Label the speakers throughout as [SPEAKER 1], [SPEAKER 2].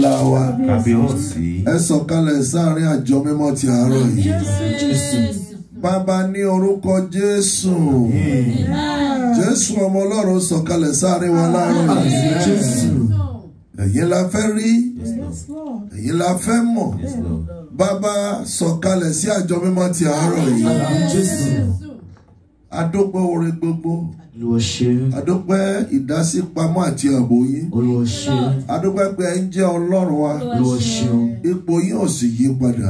[SPEAKER 1] ńlá wa ẹ sọ̀kalẹ̀ sáàrin àjọ mímọ́ ti àárọ̀ yìí bàbá ní orúkọ jésù jésù ọmọ ọlọ́run sọ̀kalẹ̀ sáàrin wa láàárọ̀ yìí èyí la fẹ́ rí èyí la fẹ́ mọ̀ bàbá sọ̀kalẹ̀ sí àjọ mímọ́ ti àárọ̀ yìí adúpẹ́ oore gbogbo adúpẹ́ ìdásípamọ́ àti ààbò yín adúpẹ́ pé ẹ ń jẹ́ ọlọ́run wa ipò yín ò sì yí padà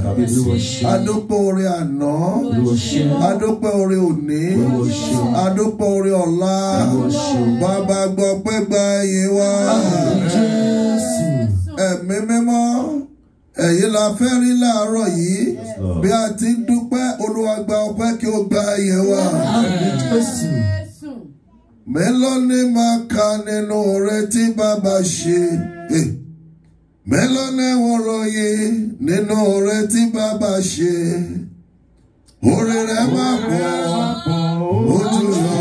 [SPEAKER 1] adúpẹ́ oore àná adúpẹ́ oore òní adúpẹ́ oore ọ̀la bàbá gbọ́ pé gba ẹ̀yìn wa ẹ̀mí mímọ́ ẹ̀yin la fẹ́ rí láàárọ̀ yìí bí a ti ń dúpẹ́ Olúwa gba ọpẹ́ kí ó gba ayẹ wa. mélòó ni máa ka nínú oore tí bàbá ṣe eh. mélòó ni wọ́n nínú oore tí bàbá ṣe oore rẹ̀ máa pọ̀ ó tún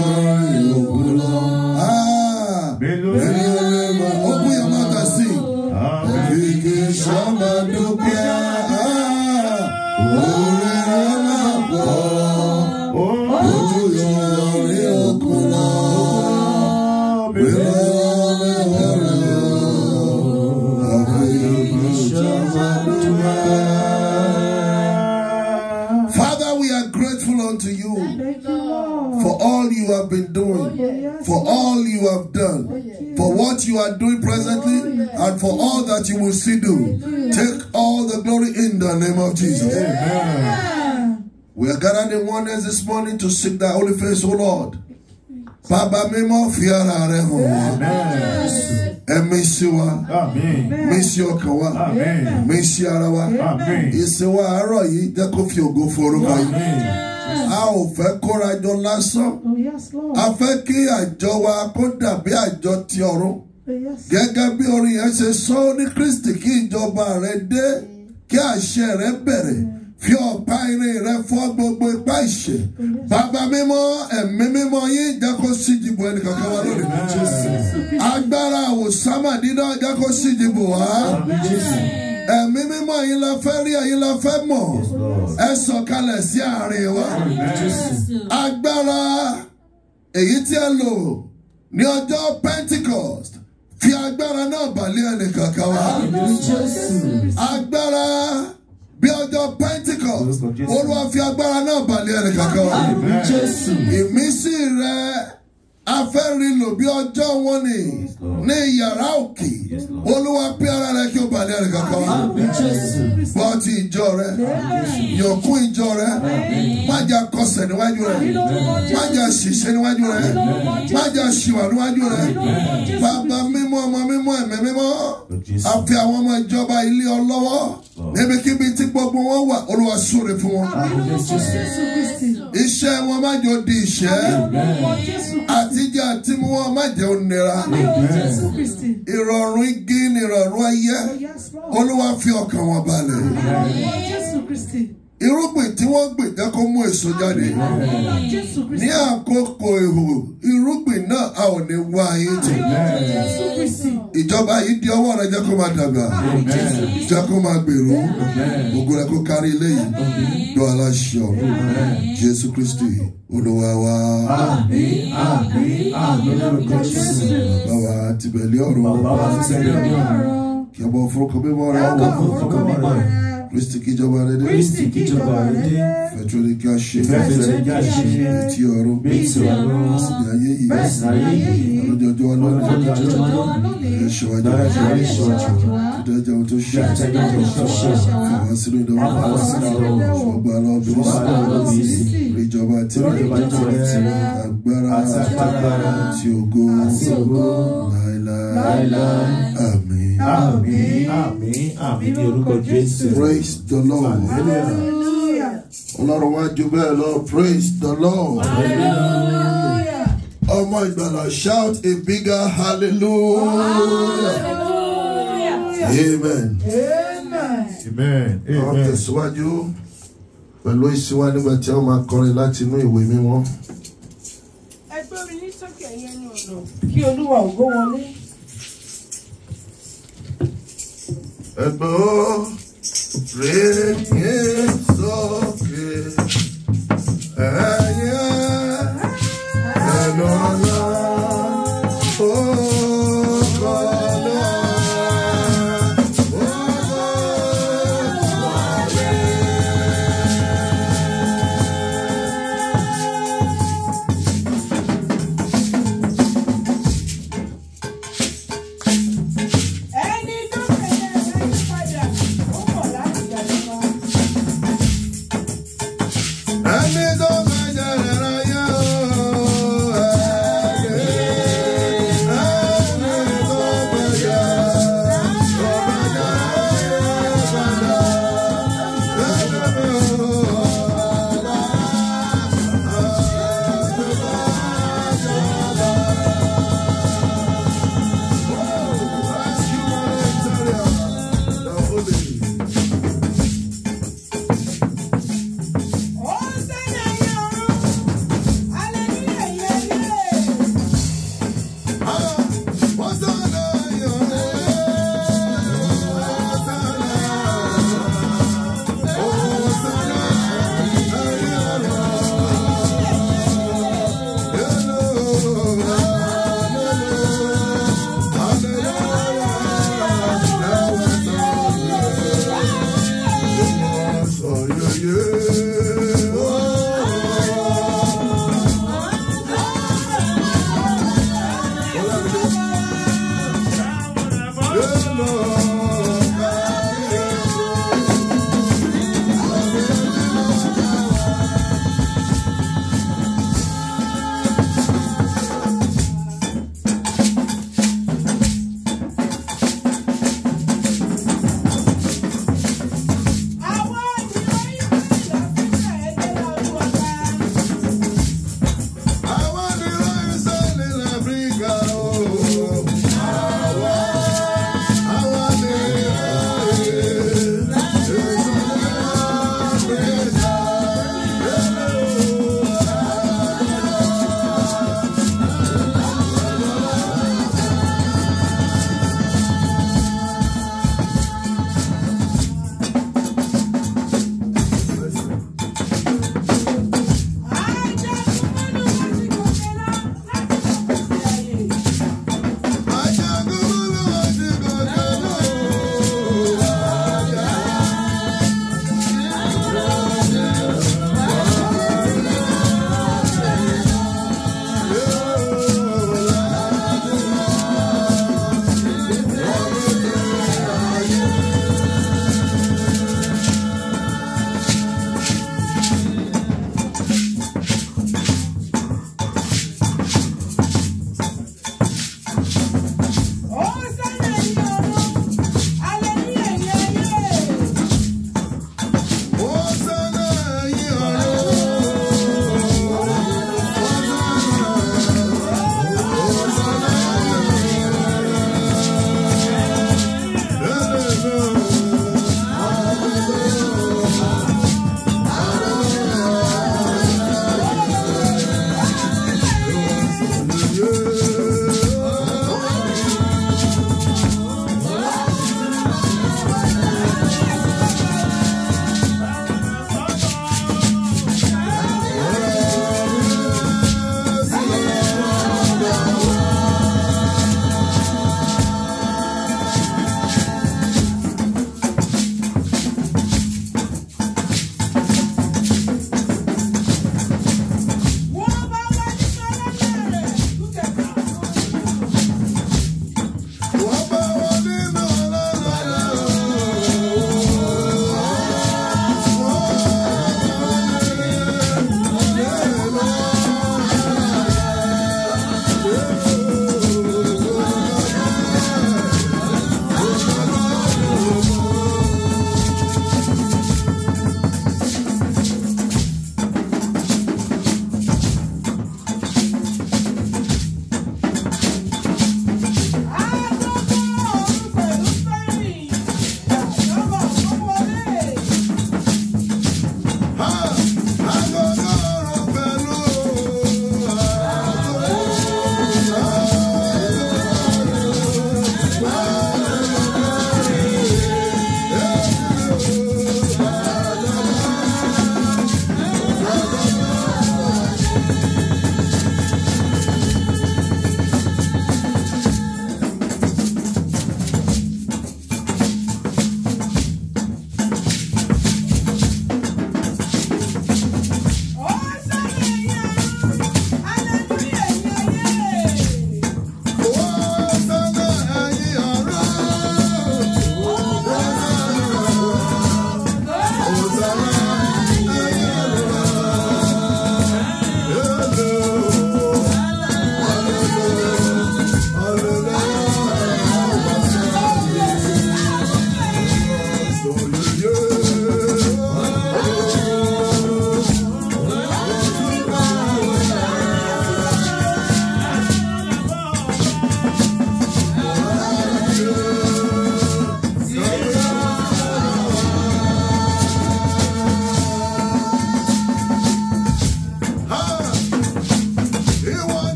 [SPEAKER 1] doing, oh, yes. for all you have done, oh, yes. for what you are doing presently, oh, yes. and for all that you will see do. Take all the glory in the name of Jesus. Amen. We are gathered in oneness this morning to seek thy holy face, O Lord. Bàbá a ò fẹ́ kóra jọ lásán oh, a fẹ́ kí àjọ wa kó dàbí àjọ ti ọ̀run oh, gẹ́gẹ́ bí orin yẹn ṣe sọ ó ní Kristi kí ìjọba rẹ dé kí àṣẹ rẹ bẹ̀rẹ̀ fi ọ̀pá irin rẹ fọ́ gbogbo ipá ìṣe oh, bàbá mímọ́ ẹ̀mí mímọ́ yín jẹ́ kó sí ìdìbò ẹnìkankan wa lónìí agbára àwòsánmà dídán jẹ́ sí ìdìbò wa ẹ̀mí mímọ́ yín la fẹ́ rí ẹ̀yin la fẹ́ mọ̀ ẹ sọ̀kalẹ̀ sí àárín wa agbára èyí tí ẹ lò ní ọjọ́ Pentecost fi agbára náà bàlẹ́ ẹnìkankan wa agbára bí ọjọ́ Pentecost Olúwa fi agbára náà bàlẹ́ ẹnìkankan wa ìmísí rẹ a fẹ́ rí lò bí ọjọ́ wọn ni ní yàrá òkè olúwa pé ara rẹ kí o bàlẹ́ rẹ kankan wá bọ́ ti ìjọ rẹ yọ̀kún ìjọ rẹ májà kọsẹ̀ níwájú rẹ májà ṣìṣe níwájú rẹ májà ṣìwà níwájú rẹ bàbá mímọ́ ọmọ mímọ́ ẹ̀mẹ́ mímọ́ a àwọn ọmọ ìjọba ilé ọlọ́wọ́ níbikíbi tí gbogbo wọn wà olúwa súre fún wọn iṣẹ́ wọn má di ìṣẹ́ àti jíjẹ àti mú wọn má jẹ́ onira. ìrọ̀rùn igi ni ìrọ̀rùn ayé oh, olúwa fi ọkàn wọn balẹ̀ irúgbìn tí wọ́n gbìn jẹ́ kó mú èso jáde ní àkókò ìhò irúgbìn náà a ò ní wá ayé tì ìjọba yìí di ọwọ́ rẹ jẹ́ kó máa dàgbà jẹ́ kó máa gbèrú gbogbo rẹ kó kárí ilé yìí lọ́ aláṣẹ ọ̀run Jésù Kristi Olúwa wa bàbá wa tìbẹ̀lẹ́ kí ọmọ òfurufú mímọ́ rẹ wọ́n. Kristi kíjọba rẹ dé. Kristi kíjọba rẹ dé. Ìfẹ́tọ́ ni kí a ṣe. Ìfẹ́tọ́ ni kí a ṣe. Bí ti ọ̀run. Bí ti ọ̀run. Bẹ́sìn ayé yìí. Bẹ́sìn ayé yìí. Ọlọ́jọjọ́ ọlọ́run. Ọlọ́jọjọ́ ọlọ́run. Ẹ ṣọwọ́ jọ. Ẹ ṣọwọ́ jọ. Ìjọ ẹja ohun tó ṣe.
[SPEAKER 2] Ìjọ ẹja ohun tó ṣe. Àwọn sínú ìdánwò. Àwọn sínú ìdánwò. Ṣọgbà lọ́bìrì sí. Ìjọba tẹ̀lé.
[SPEAKER 1] Agbára àti agbára àti ògo. Àti ògo. Láìláì. Láìláì. Àmín. Amen. Àmín. Àmín Praise the Lord. Ọlọ́run wá ju bẹ́ẹ̀ lọ. Praise the Lord. Hallelujah. Ọmọ ìgbàlà shout a bigger hallelujah.
[SPEAKER 2] Amen.
[SPEAKER 1] Amen. Àwọn tẹ̀síwájú pẹ̀lú ìsíwá nígbà tí wọ́n máa kọrin láti inú ìwé mímọ́.
[SPEAKER 3] Ẹgbẹ́ mi ní sókè ẹ̀yẹ ní ọ̀nà kí Olúwa ògo wọlé.
[SPEAKER 1] Brilliant, so good. Ah, yeah. Ah,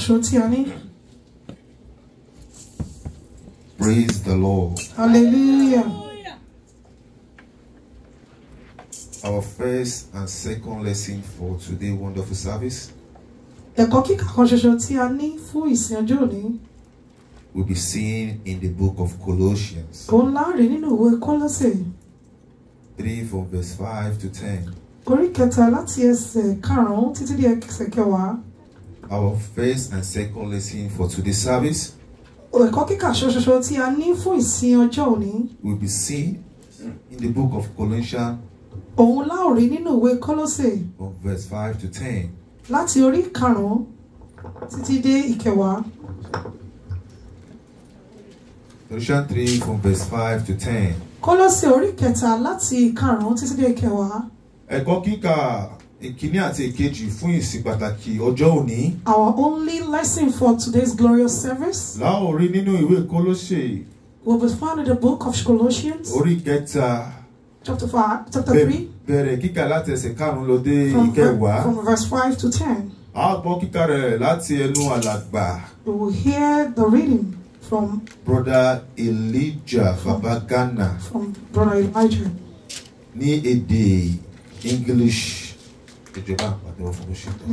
[SPEAKER 3] Shoti Ani.
[SPEAKER 4] Praise the Lord.
[SPEAKER 3] Hallelujah.
[SPEAKER 4] Our first and second lesson for today wonderful service. Ẹ̀kọ́ Will be seen in the book of Colossians. Òun Three from verse five to ten.
[SPEAKER 3] Orí kẹta láti ẹsẹ̀ karùn-ún
[SPEAKER 4] our first and second lesson for today's service.
[SPEAKER 3] Ẹ̀kọ́ kíkà ṣoṣoṣo tí a ní fún ìsìn ọjọ́ òní.
[SPEAKER 4] Will be seen in the book of Colossians.
[SPEAKER 3] Òun láò nínú ìwé Kọ́lọ́sè.
[SPEAKER 4] From verse five to ten.
[SPEAKER 3] Láti orí karùn-ún títí dé ìkẹwàá.
[SPEAKER 4] Colossians three from verse five to ten.
[SPEAKER 3] Kọ́lọ́sè orí kẹta láti karùn-ún títí dé ìkẹwàá.
[SPEAKER 4] Ẹ̀kọ́ kíkà. ìkíní àti ìkejì fún ìsìn pàtàkì ọjọ́ òní.
[SPEAKER 3] our only lesson for today's glorious service.
[SPEAKER 4] láò nínú ìwé Kólósè.
[SPEAKER 3] will be found in the book of Colossians.
[SPEAKER 4] orí kẹta.
[SPEAKER 3] chapter five chapter three.
[SPEAKER 4] bẹ̀rẹ̀ kíkà láti ẹsẹ̀ karùn-ún lọ dé ìkẹwàá. from
[SPEAKER 3] verse five to ten.
[SPEAKER 4] a gbọ́ kíkà rẹ̀ láti ẹnu alàgbà.
[SPEAKER 3] we will hear the reading from.
[SPEAKER 4] brother Elijah Fabagana.
[SPEAKER 3] from brother Elijah.
[SPEAKER 4] ní èdè English que Dieu va chez toi.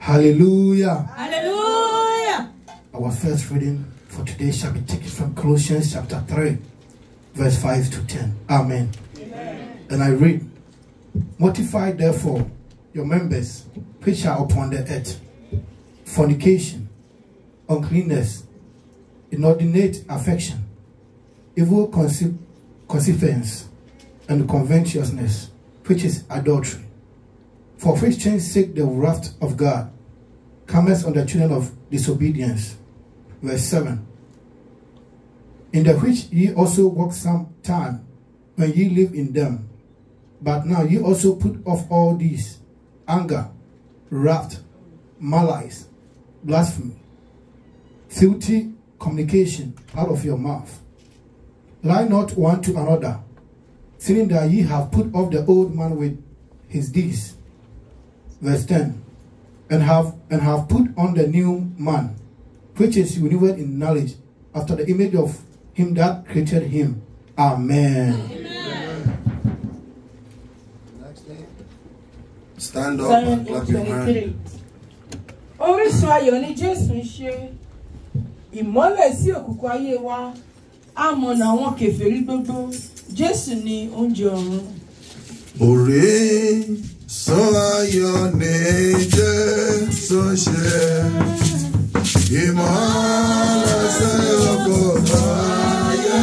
[SPEAKER 5] Hallelujah.
[SPEAKER 2] Hallelujah.
[SPEAKER 5] Our first reading for today shall be taken from Colossians chapter 3, verse 5 to 10. Amen. Amen. And I read, Mortify therefore your members which are upon the earth, fornication, uncleanness, inordinate affection, evil conce conceivance and covetousness, which is adultery, for which change sake the wrath of God comes on the children of disobedience. Verse 7 In the which ye also walked some time when ye lived in them, but now ye also put off all these anger, wrath, malice, blasphemy, filthy communication out of your mouth. Lie not one to another, seeing that ye have put off the old man with his deeds. Verse 10 and have and have put on the new man, which is renewed in knowledge, after the image of him that created him. Amen. Amen.
[SPEAKER 4] Stand up and clap your hands.
[SPEAKER 3] amọ̀nà àwọn kèfèrí gbogbo Jésù ni oúnjẹ ọ̀run.
[SPEAKER 1] òré sọ ayọ̀ ní Jésù ṣe ìmọ̀lẹ́sẹ̀ ọkọ̀ báyà.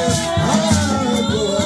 [SPEAKER 2] I go.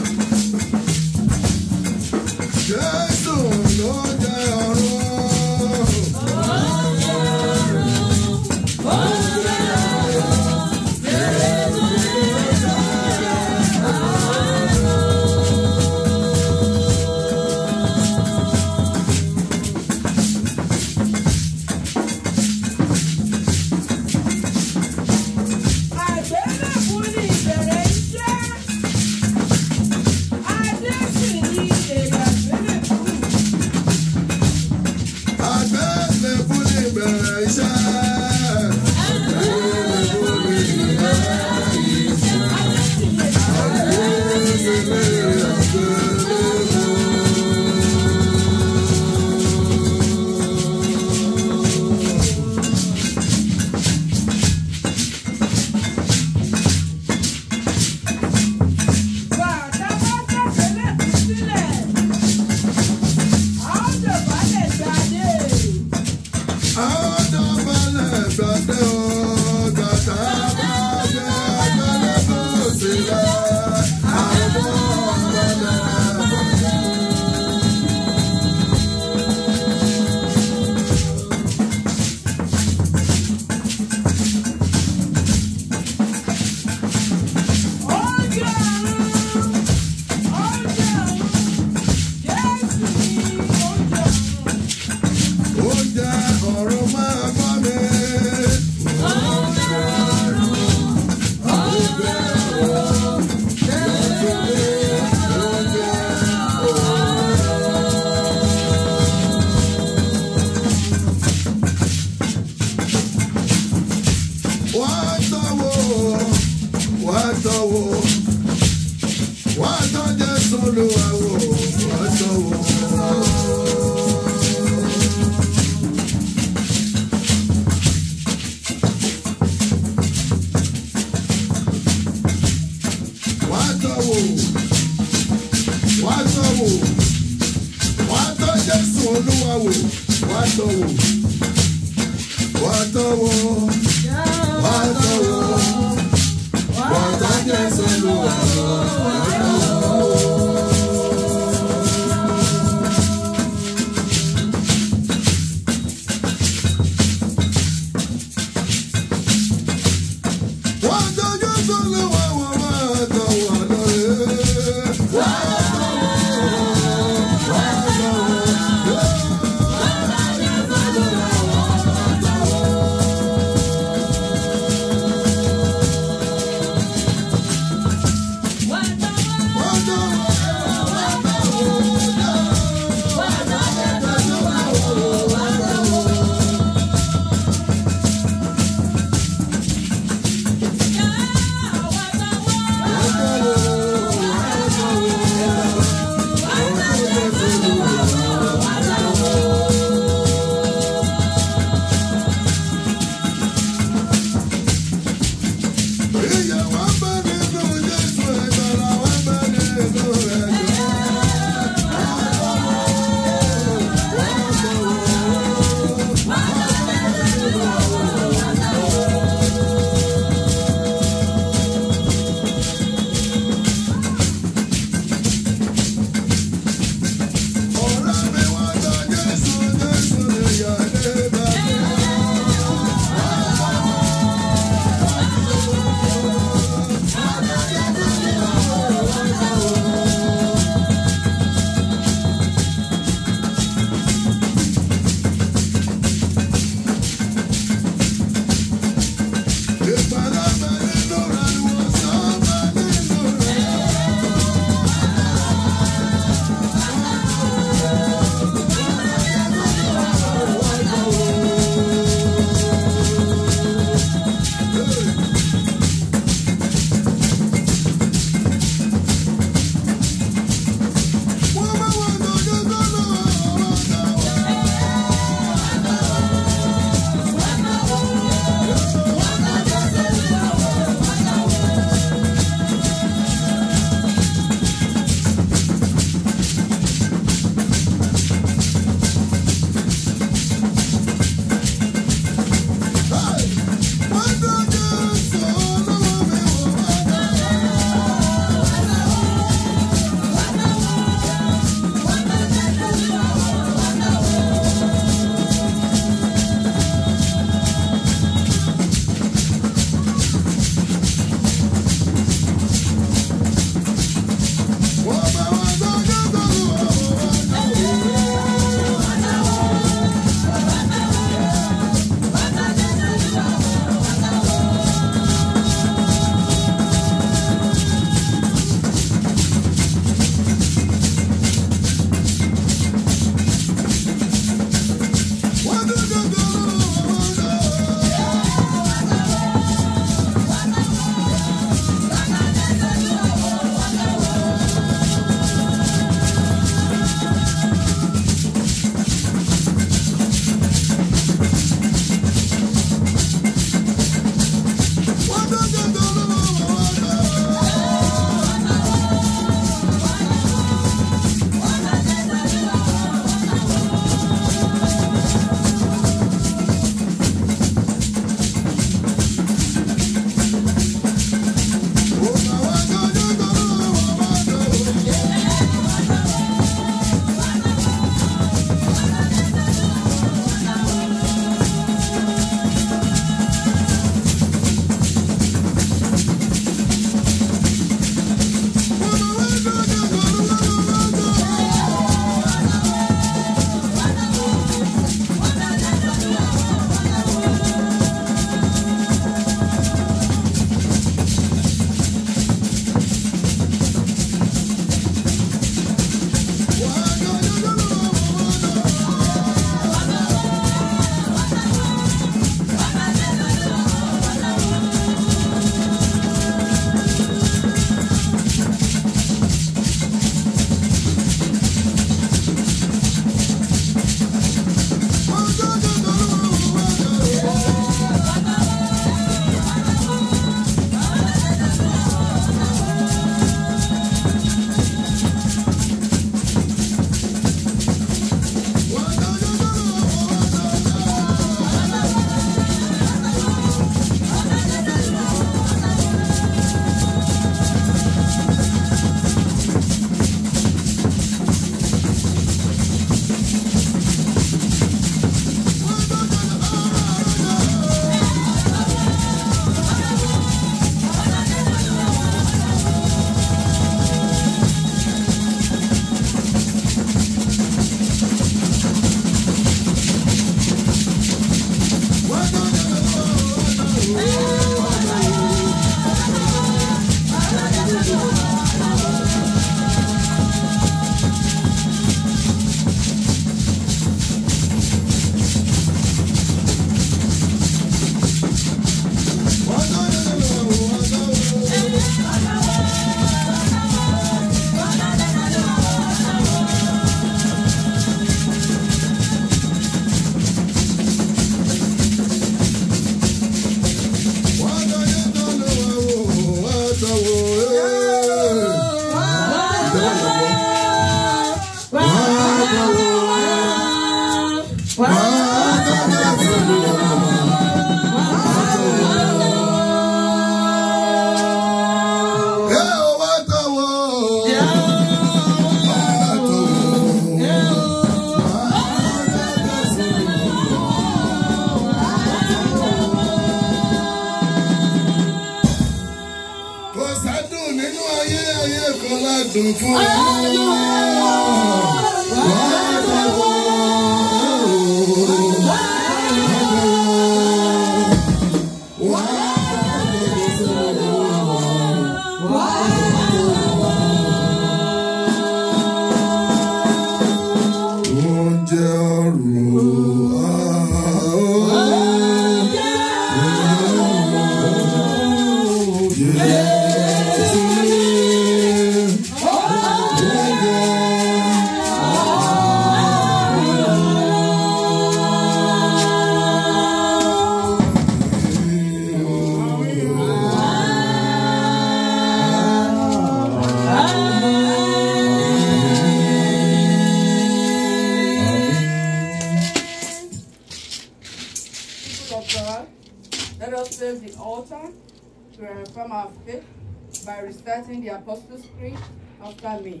[SPEAKER 3] Starting the Apostles' Creed after me.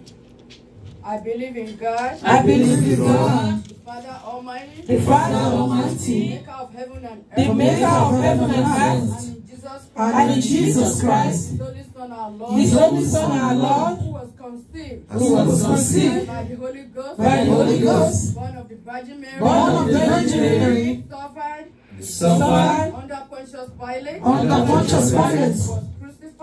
[SPEAKER 3] I believe in God. I believe in God. The Father Almighty. The Father Almighty. The Maker of heaven and earth. The Maker of heaven and earth. And in Jesus Christ.
[SPEAKER 2] And in Jesus Christ. His Holy Son our Lord. Who was
[SPEAKER 5] conceived.
[SPEAKER 2] Who was conceived. By the Holy Ghost. By the Holy Ghost. Born of the Virgin
[SPEAKER 3] Mary. Born of the Virgin Mary. Suffered. Suffered. Under Pontius Pilate. Under Pontius Pilate.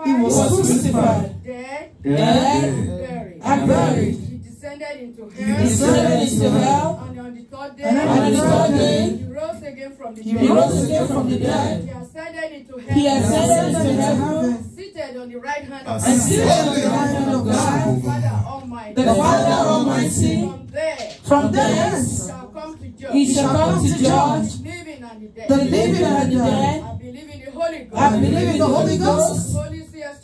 [SPEAKER 3] crucified. He was, was crucified. Dead. Dead. Dead. Buried. And buried. He descended into hell. He descended into hell. And on the
[SPEAKER 2] third day. And on the third day. He rose again from the dead. He rose again from the dead. He ascended into heaven. He ascended into heaven. Seated on the right hand of God. And seated on the right hand of God. Father Almighty. The Father Almighty. From there. From Shall come to judge. He shall come to judge. The living and the dead. I believe in the Holy Ghost. I believe in the Holy Ghost. Holy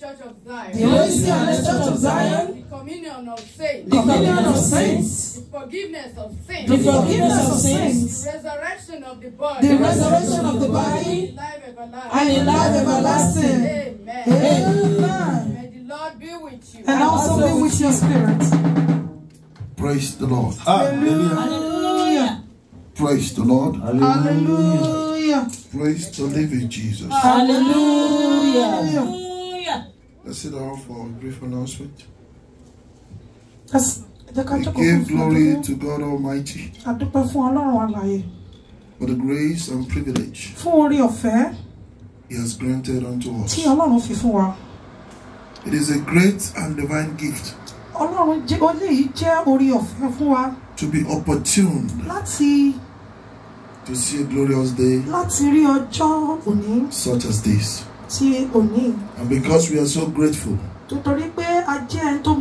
[SPEAKER 2] Church of Zion. The Oasis Church of Zion. The communion of saints. The communion of saints. The forgiveness of sins. The forgiveness of sins. The resurrection of the body. The resurrection of the body. Life everlasting. And in life everlasting. Amen. Amen. May the Lord be with
[SPEAKER 3] you. And also
[SPEAKER 2] be with your spirit.
[SPEAKER 1] Praise the Lord. Hallelujah.
[SPEAKER 2] Hallelujah.
[SPEAKER 1] Praise the Lord. Hallelujah. Praise the living Jesus. Hallelujah. Let's sit down for a brief announcement.
[SPEAKER 3] Yes. We give glory
[SPEAKER 1] to God Almighty.
[SPEAKER 3] For the
[SPEAKER 1] grace and privilege.
[SPEAKER 3] He
[SPEAKER 1] has granted unto us. It is a great and divine gift. To be opportune. To see a glorious day. Such as this
[SPEAKER 3] ti òní.
[SPEAKER 1] and because we are so grateful.
[SPEAKER 3] nítorí pé a jẹ́ tó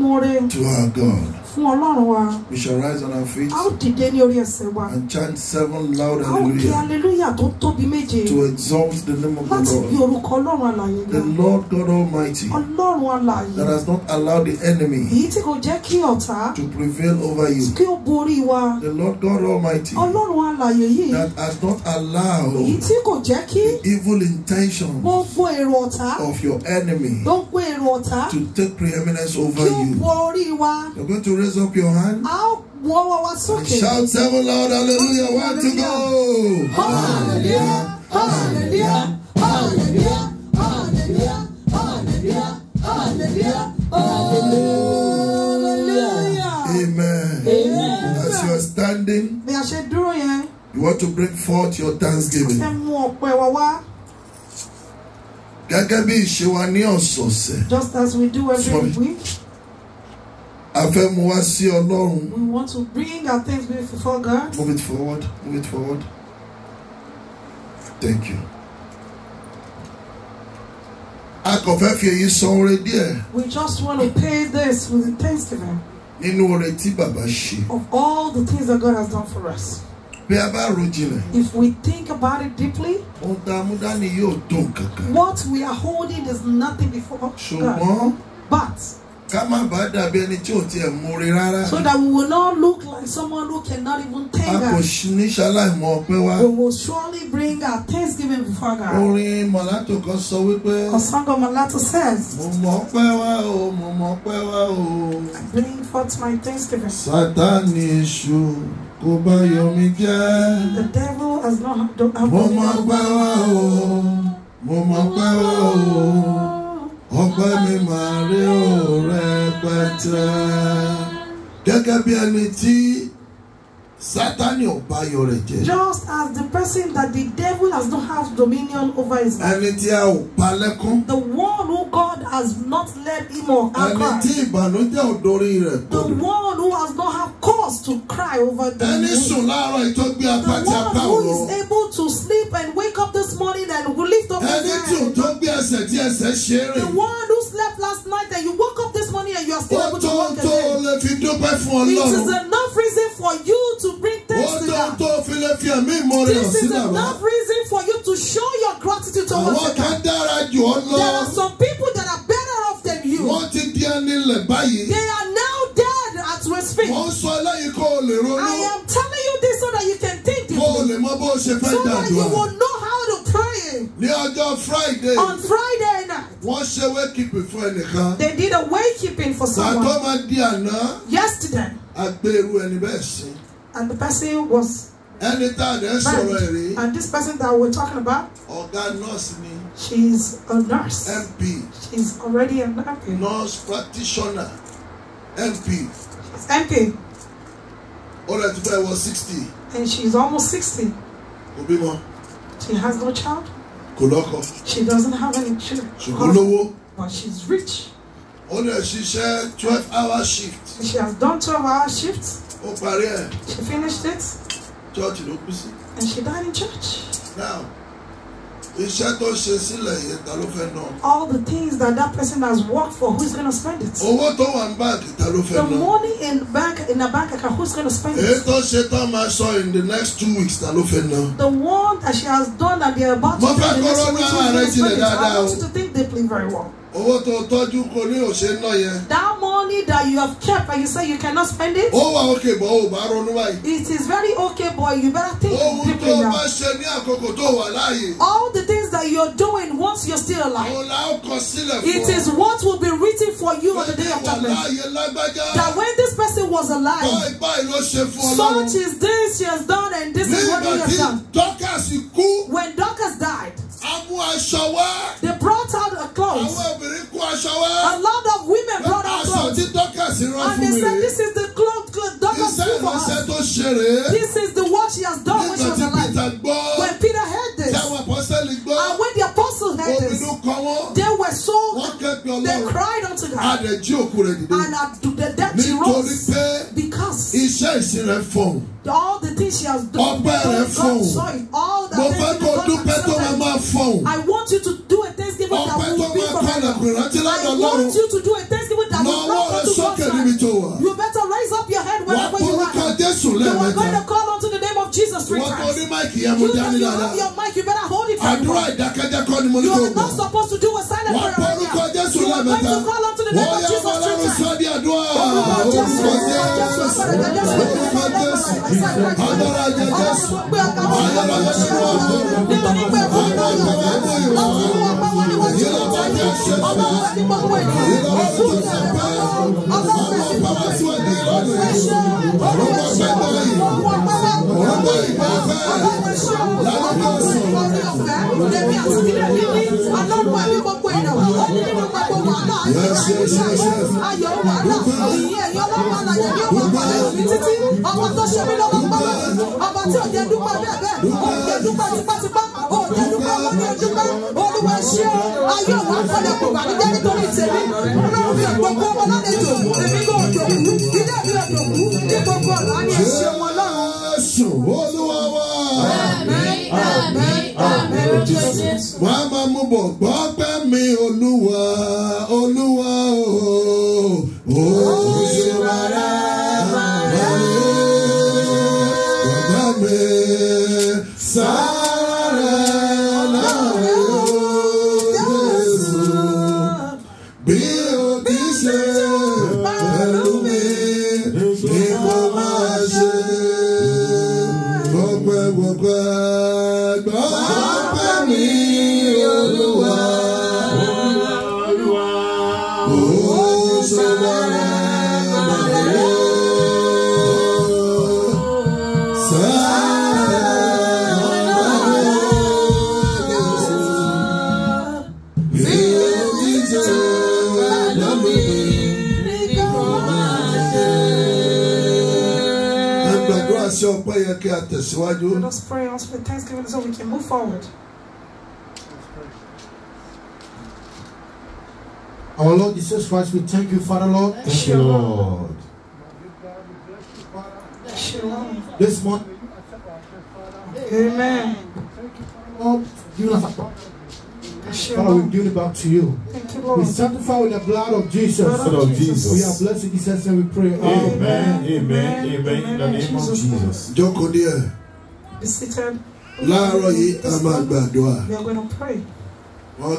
[SPEAKER 3] our God.
[SPEAKER 1] we shall rise on our feet.
[SPEAKER 3] and
[SPEAKER 1] chant seven loud hallelujah. a
[SPEAKER 3] hallelujah tó to
[SPEAKER 1] exalt the name of the
[SPEAKER 3] Lord. the
[SPEAKER 1] Lord God Almighty.
[SPEAKER 3] that
[SPEAKER 1] has not allowed the enemy. to prevail over you. the Lord God Almighty. that has not allowed. the evil intention. of your enemy.
[SPEAKER 3] to
[SPEAKER 1] take preeminence. awareness over you. You're going to raise up your hand.
[SPEAKER 3] And shout seven loud
[SPEAKER 1] hallelujah. One to go. Hallelujah. Hallelujah. Hallelujah. Hallelujah. Hallelujah. Hallelujah. Hallelujah. Amen. Amen. As you are standing,
[SPEAKER 3] you
[SPEAKER 1] want to bring forth your thanksgiving gẹ́gẹ́ bí ìṣe wa ní ọ̀sọ̀ọ̀sẹ̀. just as we do every Sorry. week. a fẹ́ mú wá sí Ọlọ́run. we want to bring our things before God. move it forward move it forward thank you. a kò fẹ́ fi èyí san oore díẹ̀.
[SPEAKER 3] we just want to pay this with thanksgiving.
[SPEAKER 1] nínú oore tí bàbá ṣe.
[SPEAKER 3] of all the things that God has done for us bí a bá ro if we think about it
[SPEAKER 1] deeply. ohun tá a mú dání yóò dùn kankan.
[SPEAKER 3] what we are holding is nothing before God. ṣùgbọ́n.
[SPEAKER 1] but. ká má bàa dàbí ẹni tí ò tiẹ̀ múre rárá. so that
[SPEAKER 3] we will not look like someone who cannot even thank God. a kò
[SPEAKER 1] ní ṣaláìmọ̀ ọpẹ́ wa. we
[SPEAKER 3] will surely bring our thanksgiving before God. orin Malato kan sọ wípé. ọ̀sánkọ mọ̀látò says. mo mọ̀ ọpẹ́ wa o mo mọ̀ ọpẹ́ wa o. I bring forth my thanksgiving. Sátánì
[SPEAKER 1] ṣù kò bá yọmí jẹ́. The devil has not done. Mo mọ pẹ́ wá o, mo mọ pẹ́ wá o, ọpẹ́ mi máa rí òórẹ́ pẹ́tẹ́. Gẹ́gẹ́ bí ẹni tí. Sátánì ò bá ayọ̀ rẹ̀ jẹ́.
[SPEAKER 3] Just as the person that the devil has not have dominion over his life. Ẹni
[SPEAKER 1] tí a ò pa lẹ́kún.
[SPEAKER 3] The one who God has not led him on anchor. Ẹni tí
[SPEAKER 1] ìbànújẹ́ ò rẹ̀ kodò. The
[SPEAKER 3] one who has not have cause to cry over the Ẹni sùn láàárọ̀ ìtọ́gbé apáti apá òrò. The one who is able to sleep and wake up this morning and lift up his head. Ẹni tí òjò gbé ẹsẹ̀ tí ẹsẹ̀ ṣeré. The one who slept last night and you woke money and you are still able to work again. Ó tó lè fi dúpẹ́ fún Ọlọ́run. It is enough reason for you to bring thanks to God. Ó tó
[SPEAKER 1] tó fi lè fi ẹ̀mí ìmọ̀ hàn sí bàbá. This is enough reason for you to show your gratitude to God. Àwọn kan dára jù ọ́ lọ. There are some people that are better off than you. Wọ́n ti di anilẹ̀ báyìí. They are now dead as we speak. Mo sọ eléyìí kó o lè ronú. I am telling you this so that you can think deeply. Kó o lè mọ bó o ṣe fẹ́ dàdúrà. So that you will know how Ní ọjọ́ Friday. On Friday night. Wọ́n ṣe wakekeeping fún ẹnìkan. They did a wakekeeping for someone. Bàtọ́ máa di àná. Yesterday. Àgbèrú ẹni bẹ́ẹ̀ sí. And the person was. Ẹni tá a sọ̀rọ̀ ẹ̀ rí. And this person that we're talking about. Ọ̀gá nọ́ọ̀sì ni. She is a nurse. MP. She is already a nurse. Nurse practitioner. MP. MP. Ó rẹ̀ ti fẹ́ wọ sixty. And she's almost sixty. Kò She has no child. Kò lọ́kọ. She
[SPEAKER 3] doesn't have any children. Ṣùgbọ́n lówó.
[SPEAKER 1] But she's rich. Ó lè ṣiṣẹ́ twelve hour shift.
[SPEAKER 3] She has done twelve hour shift. Ó parí ẹ̀. She finished it.
[SPEAKER 1] Church ló kú sí. And she died in church. Now. Iṣẹ́ tó ṣe sílẹ̀ yẹn ta ló fẹ́ ná.
[SPEAKER 3] All the things that that person has worked for, who's gonna spend it? Owó tó wà ní báǹkì ta ló fẹ́ ná. The money in bank in a bank account, who's gonna spend it? Èyí tó
[SPEAKER 1] ṣe tán máa sọ in the next two weeks ta ló fẹ́ ná.
[SPEAKER 3] The one that she has done that they are about to do in the next two weeks, who's gonna spend it? I want you
[SPEAKER 1] to think deeply very well owó tó tọ́jú kò ní òṣè ná yẹn.
[SPEAKER 3] that money that you have kept and you say you cannot spend it. ó wà
[SPEAKER 1] òkè bọ̀ ò bá ronú báyìí. it is very okay boy
[SPEAKER 3] you better think oh, deeply now. ohun tó bá ṣe ní àkókò tó wà láàyè. all the things that you are doing once you are still alive. òun la sílẹ̀ fún ọ. it is what will be written for you on the day of judgment. that when this person was alive. báyìí báyìí ló ṣe fún ọlọ́run. such is this she has done and this is what he has done. nígbà
[SPEAKER 1] tí Dorcas kú. when Dorcas died. A aṣọ wá. They brought out a cloth. Àwọn obìnrin kó aṣọ wá. A lot of women brought out cloth, Aṣọ tí
[SPEAKER 3] Dorcas rán fún mi And they said this is the cloth Dorcas do for us. Iṣẹ́ ìránṣẹ́ tó ṣe This is the work she has done when she was Nígbà tí Peter gbọ́. When Peter
[SPEAKER 1] heard this. Tí àwọn apọ́sẹ́lì gbọ́. And when the apostles that is, they were so, they cried unto God. And the dead she rose. Because all the things she has done, God saw
[SPEAKER 2] it. All that things she has
[SPEAKER 1] done, I want you to
[SPEAKER 3] do a thanksgiving that will be for her. I want
[SPEAKER 1] you to do a thanksgiving
[SPEAKER 3] thanksgiving to God. You better raise up your head wherever you are. You are going to call unto the name of Jesus Christ. You, you have your mic, you better hold it for You are not supposed to do a silent prayer right now. You are going to call unto the name of Jesus Christ.
[SPEAKER 2] ayọ̀ wàhálà ìyẹn
[SPEAKER 1] ẹ̀yọ́ olúwa ṣe ayé òun afọlẹ́kùn bàbíjẹ́ nítorí tèmi ọlọ́run mi ògbógbó ọlọ́dẹ̀jọ èmi kò dòkú ilé mi òdòkú ní gbogbo ọ̀la ni ẹ̀ṣẹ̀
[SPEAKER 2] wọn lọ́run. ẹ̀sùn olúwa
[SPEAKER 1] wá. àmín àmín àmín wọ́n á máa mú bọ̀ gbọ́ mi olúwa. até
[SPEAKER 5] síwájú. Let us
[SPEAKER 1] pray also for thanksgiving so we can move forward.
[SPEAKER 5] Our Lord Jesus Christ, we thank you, Father Lord. Thank you, Lord.
[SPEAKER 2] Shalom.
[SPEAKER 5] This morning.
[SPEAKER 2] Amen. Lord,
[SPEAKER 5] you. us a Father, we give it back to you. blood. We sanctify with the blood of Jesus. Blood of Jesus. We are blessed in
[SPEAKER 1] Jesus and we
[SPEAKER 3] pray.
[SPEAKER 5] Amen. Amen. Amen. In the name of Jesus.
[SPEAKER 1] Joko dear.
[SPEAKER 3] Be seated. Láàárọ̀ yìí a máa gbàdúrà. We are going to pray.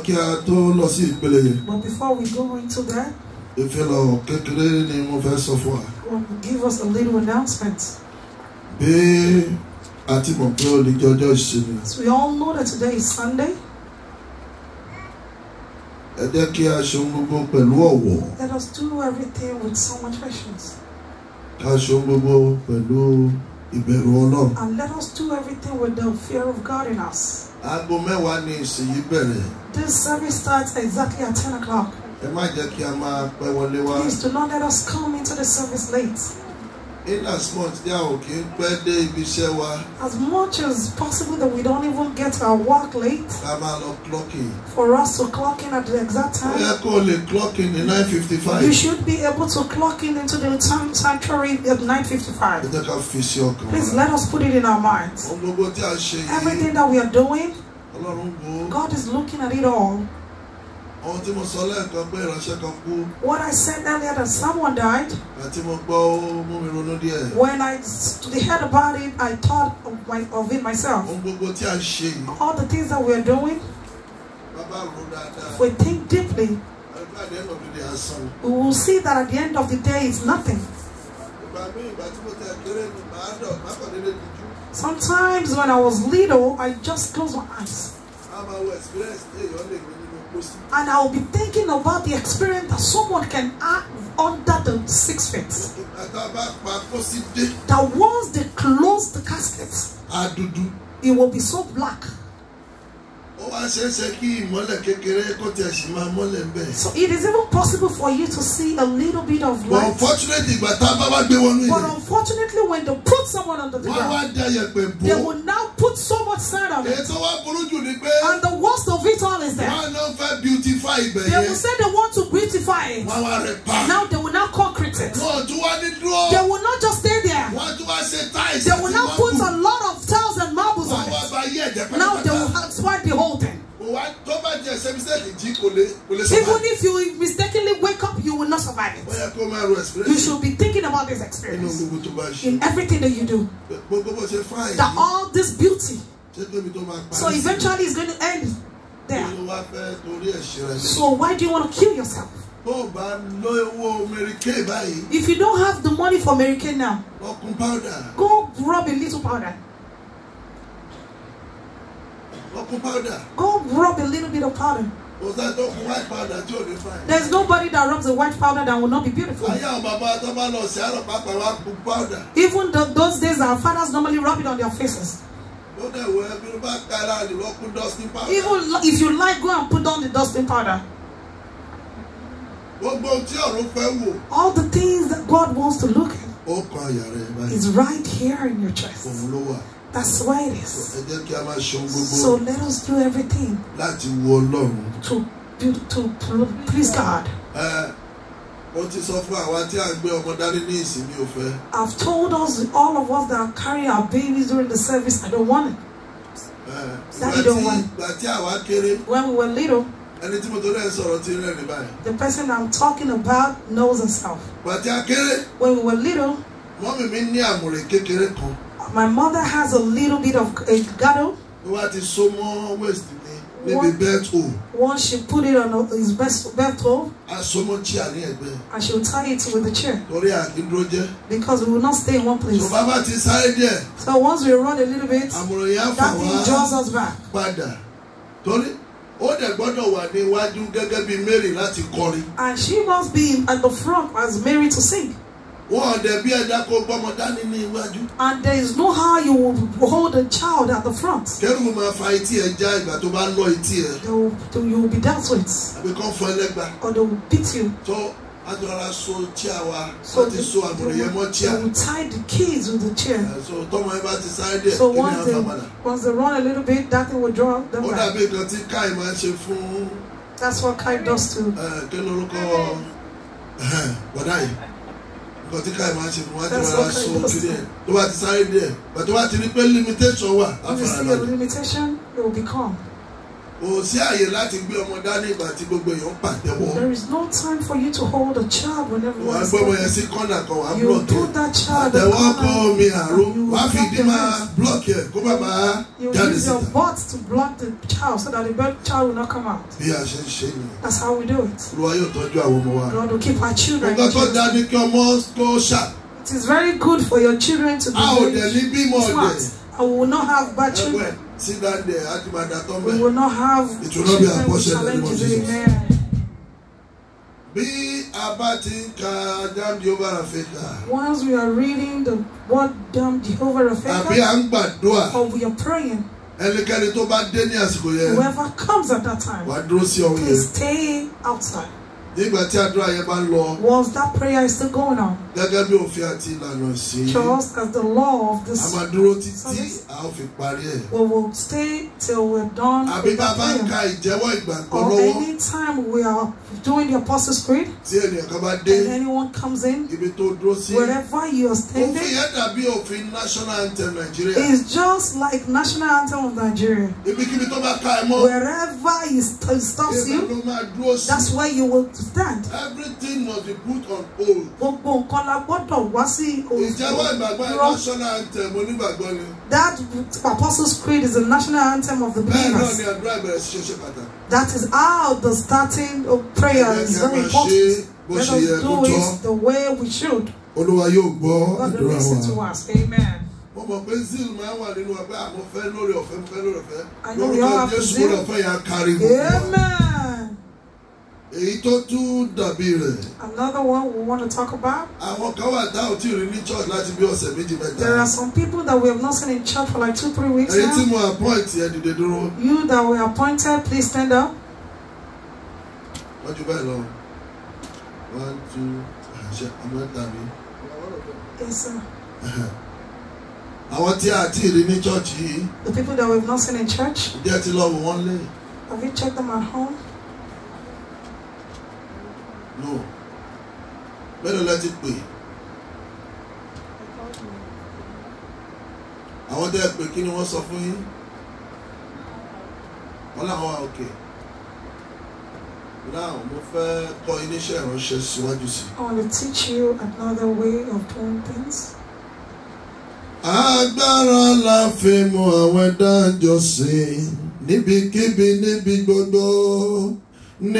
[SPEAKER 1] kí a tó lọ sí ìpele yẹn.
[SPEAKER 3] But before we go into that.
[SPEAKER 1] Ìfilọ̀ kékeré ni mo fẹ́ sọ fún
[SPEAKER 3] wa. Give us a little announcement.
[SPEAKER 1] Bí a ti mọ̀ pé o lè jọjọ́ ìsinmi.
[SPEAKER 3] we all know that today is Sunday
[SPEAKER 1] ẹ jẹ́ kí a ṣe gbogbo pẹ̀lú ọ̀wọ̀.
[SPEAKER 3] let us do everything with so much patience.
[SPEAKER 1] ká ṣe gbogbo pẹ̀lú ìbẹ̀rù ọlọ́run.
[SPEAKER 3] and let us do everything with the fear of God in us.
[SPEAKER 1] aago mẹ́wàá ni ìsìnyí bẹ̀rẹ̀.
[SPEAKER 3] this service starts exactly at ten o'clock.
[SPEAKER 1] ẹ má jẹ́ kí a máa pẹ́ wọlé wá. please
[SPEAKER 3] do not let us come into
[SPEAKER 1] the service late. in as much tí a ò
[SPEAKER 3] as much as possible that we don't even get our work late.
[SPEAKER 1] I'm not clocking.
[SPEAKER 3] for us to clock in at the exact time. ó yẹ kó yeah call
[SPEAKER 1] it clocking clock in fifty five. you should
[SPEAKER 3] be able to clock in into the time sanctuary at nine
[SPEAKER 1] please let
[SPEAKER 3] us put it in our
[SPEAKER 1] minds. everything that
[SPEAKER 3] we are doing.
[SPEAKER 1] God is looking at it all. What I said earlier that someone died. When I
[SPEAKER 3] heard about it, I thought of, my, of it myself. All the things that we are doing. We think deeply. We will see that at the end of the day, it's nothing. Sometimes when I was little, I just closed my eyes. And I will be thinking about the experience that someone can have under the
[SPEAKER 1] six feet. That once they close the casket, it will be so black. So it is
[SPEAKER 3] even possible for you to see a little bit of light.
[SPEAKER 1] But
[SPEAKER 3] unfortunately, when they put someone under the ground,
[SPEAKER 1] they will now put so much sand on it. And they will say they want to beautify it. Now they will not concrete it. They will not just stay there. They will not put a lot of tiles and marbles on it. Now they will exploit the whole thing. Even if you mistakenly wake up, you will not survive it.
[SPEAKER 3] You should be thinking about this experience in everything that you do. That all this beauty.
[SPEAKER 1] So eventually it's
[SPEAKER 3] going to end
[SPEAKER 1] So why do you want to kill yourself? If
[SPEAKER 3] you don't have the money for Mary Kay now. Go rub a little powder.
[SPEAKER 1] powder. Go rub a little bit of powder.
[SPEAKER 3] There's nobody that rubs a white powder that will not be beautiful. Even the, those days, our fathers normally rub it on their faces.
[SPEAKER 1] Even if you
[SPEAKER 3] like, go and put on the dusting powder. All the things that God wants to look
[SPEAKER 1] at is right
[SPEAKER 3] here in your chest.
[SPEAKER 1] That's why it is. So let us do everything to, to, to please God. mo ti sọ fún àwa tí à gbé ọmọ dání ní ìsinmi ò fẹ́.
[SPEAKER 3] I've told us all of us that carry our babies during the service I don't want it.
[SPEAKER 1] that you don't want. ìgbà when we were little. ẹni tí mo tó lẹ́yìn sọ̀rọ̀ ti rẹ̀ ní báyìí.
[SPEAKER 3] the person I'm talking about knows himself. ìgbà a kéré. when we were little. mọ́mì mi ní àmùrè kékeré kan. my mother has a little bit of a gaddle. ó ti so mọ́ waist maybe bethel. Once she put it on his best bethel. And she will tie it with the chair.
[SPEAKER 1] Because we will not stay in one place. So once
[SPEAKER 3] we run a little bit. That thing draws us back.
[SPEAKER 1] And she must be at the front as Mary to sing.
[SPEAKER 3] And there is no how
[SPEAKER 1] you will hold a child at the front. They will, you will be dealt with. Or they will beat you. So, adúrà so chair they will tie the kids with the chair. so once they once
[SPEAKER 3] they run a little bit that thing will draw them back.
[SPEAKER 1] that's what kai does too. Uh, eh, lorúkọ eh, bọ̀dá yìí nǹkan tí káyọ̀ ṣe fún ti rárá so kiri ẹ̀ ló bá ti sáré díẹ̀ but wọ́n ti rí pé limitation wà. if you see a
[SPEAKER 3] limitation you will be
[SPEAKER 1] kò sí àyè láti gbé ọmọ dání ìgbà tí gbogbo èèyàn ń
[SPEAKER 3] pàtẹ́wọ́. there is no time for you to hold a child whenever you is there. wàá gbé ọmọ yẹn
[SPEAKER 1] sí kọ́nà kan wàá blọ̀kì
[SPEAKER 3] ẹ̀ àtẹ̀wọ́ kọ́ mi àrò wàá fìdí máa
[SPEAKER 1] blọ̀kì ẹ̀ kó bàbá jáde síta. you use your
[SPEAKER 3] butt to block the child so that the birth child will not come out.
[SPEAKER 1] bí a ṣe ń ṣe ni. that's how we do it. olúwa yóò tọ́jú àwọn ọmọ wa.
[SPEAKER 3] God will keep our children. ọgbọ́n tó dání kí ọmọ kó ṣà. it is very good for your children to be very smart. a ò dẹ̀ ní bímọ ọ̀dẹ̀. I will
[SPEAKER 1] not have bad children. See that there, Adimandatombe. We will not have. It will not be a portion anymore, Jesus. Amen. Bí a Jehovah Rafeka.
[SPEAKER 3] Once we are reading the word damn Jehovah Rafeka. Àbí
[SPEAKER 1] Or we are praying. Whoever
[SPEAKER 3] comes at that time.
[SPEAKER 1] Please
[SPEAKER 3] stay outside.
[SPEAKER 1] nígbà tí àdúrà yẹn bá ń lọ. once that prayer is still going on. gẹ́gẹ́ bí òfin àti ìlànà just
[SPEAKER 3] as the law
[SPEAKER 1] of this. a máa dúró títí a ó fi parí ẹ̀.
[SPEAKER 3] we will stay till we are done. àbí bá ń ka
[SPEAKER 1] ìjẹ́wọ́ ìgbàgbọ́ lọ́wọ́. or
[SPEAKER 3] anytime we are doing the apostles creed.
[SPEAKER 1] tí ènìyàn kan bá dé. and anyone
[SPEAKER 3] comes in. ibi
[SPEAKER 1] tó dúró sí. wherever you are standing. òfin yẹn dàbí òfin national anthem Nigeria. it's
[SPEAKER 3] just like national anthem of Nigeria. ibikíbi tó bá ka ẹ mọ́. wherever he stops you.
[SPEAKER 1] that's where you will. stand. everything must be put on hold. gbogbo nǹkan la gbọ́dọ̀ wá sí òòlù. ìjẹ́wọ́ ìgbàgbọ́ ẹ̀ national anthem onígbàgbọ́ ni. that
[SPEAKER 3] apostles creed is the national anthem of the believers. bẹ́ẹ̀ náà ni
[SPEAKER 1] àdúrà ìbẹ̀rẹ̀ ṣiṣẹ́ ṣe pàtàkì.
[SPEAKER 3] that is how the starting of prayer is very important. let us do it the way we
[SPEAKER 1] should. olúwa yóò gbọ́ àdúrà wa. amen mo mọ̀ pé zeal máa wà nínú ọgbẹ́ àmọ́ lórí ọ̀fẹ́ mo lórí ọ̀fẹ́ lórúkọ Jésù lọ́fẹ́ yà á kárí gbogbo wa èyí tó tún dàbí rẹ̀. another one we want to talk about. àwọn kan wà tá ò rí ní church láti bí ọ̀sẹ̀ méjì mẹ́ta. there are
[SPEAKER 3] some people that we have not seen in church for like two three weeks now. èyí tí mo appoint ẹ
[SPEAKER 1] dìde dúró.
[SPEAKER 3] you that were appointed please stand up.
[SPEAKER 1] wọ́n ju báyìí lọ one two ṣe ọmọ ẹ̀ta mi.
[SPEAKER 3] yes sir.
[SPEAKER 1] àwọn tí a ti rí ní church yìí. the people
[SPEAKER 3] that we have not seen in church.
[SPEAKER 1] ǹjẹ́ ti lọ wọ́n lé.
[SPEAKER 3] have you checked them at home
[SPEAKER 1] no mélòó lẹ ti pè àwọn tẹ́ ẹ pè kí ni wọ́n sọ fún yín wọ́n làwọn wà òkè now mo fẹ́ kọ́ iléeṣẹ́ ìránṣẹ́ síwájú sí.
[SPEAKER 3] I wanna teach you another way of doing things.
[SPEAKER 1] agbára la fi mú àwọn ẹ̀dá jọ sí níbikíbi níbi gbogbo. wọ́n mọ